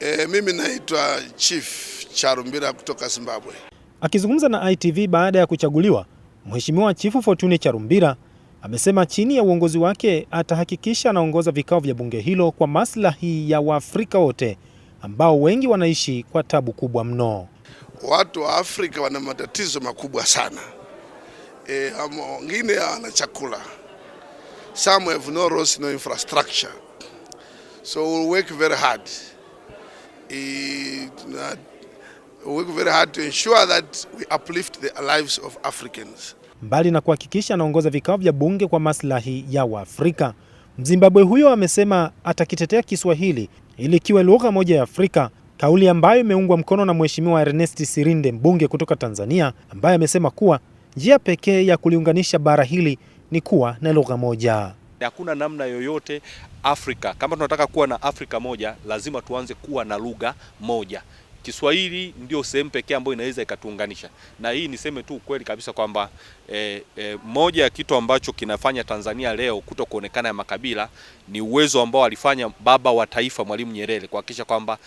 E, mimi naitwa Chief Charumbira kutoka Zimbabwe. Akizungumza na ITV baada ya kuchaguliwa, Mheshimiwa Chifu Fortune Charumbira amesema chini ya uongozi wake atahakikisha anaongoza vikao vya bunge hilo kwa maslahi ya Waafrika wote ambao wengi wanaishi kwa tabu kubwa mno. Watu wa Afrika wana matatizo makubwa sana. E, wengine hawana chakula. Some have no roads, no infrastructure. So we'll work very hard it, work very hard to ensure that we uplift the lives of Africans. Mbali na kuhakikisha anaongoza vikao vya bunge kwa maslahi ya Waafrika, Mzimbabwe huyo amesema atakitetea Kiswahili ili kiwe lugha moja ya Afrika, kauli ambayo imeungwa mkono na Mheshimiwa Ernest Sirinde, mbunge kutoka Tanzania, ambaye amesema kuwa njia pekee ya kuliunganisha bara hili ni kuwa na lugha moja. Hakuna namna yoyote Afrika, kama tunataka kuwa na Afrika moja, lazima tuanze kuwa na lugha moja. Kiswahili ndio sehemu pekee ambayo inaweza ikatuunganisha, na hii niseme tu ukweli kabisa kwamba e, e, moja ya kitu ambacho kinafanya Tanzania leo kuto kuonekana ya makabila ni uwezo ambao alifanya baba wa taifa Mwalimu Nyerere kuhakikisha kwamba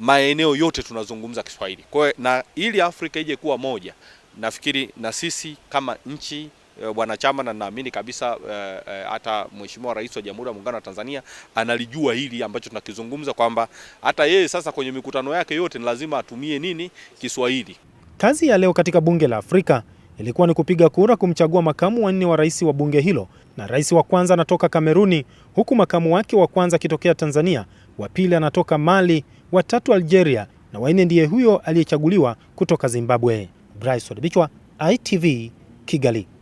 maeneo yote tunazungumza Kiswahili. Kwa hiyo na ili Afrika ije kuwa moja, nafikiri na sisi kama nchi Eh, wanachama na naamini kabisa eh, eh, hata uh, uh, Mheshimiwa Rais wa Jamhuri ya Muungano wa Tanzania analijua hili ambacho tunakizungumza kwamba hata yeye sasa kwenye mikutano yake yote ni lazima atumie nini Kiswahili. Kazi ya leo katika bunge la Afrika ilikuwa ni kupiga kura kumchagua makamu wanne wa rais wa bunge hilo, na rais wa kwanza anatoka Kameruni, huku makamu wake wa kwanza akitokea Tanzania, wa pili anatoka Mali, wa tatu Algeria na wanne ndiye huyo aliyechaguliwa kutoka Zimbabwe. Bryce Odibichwa, ITV, Kigali.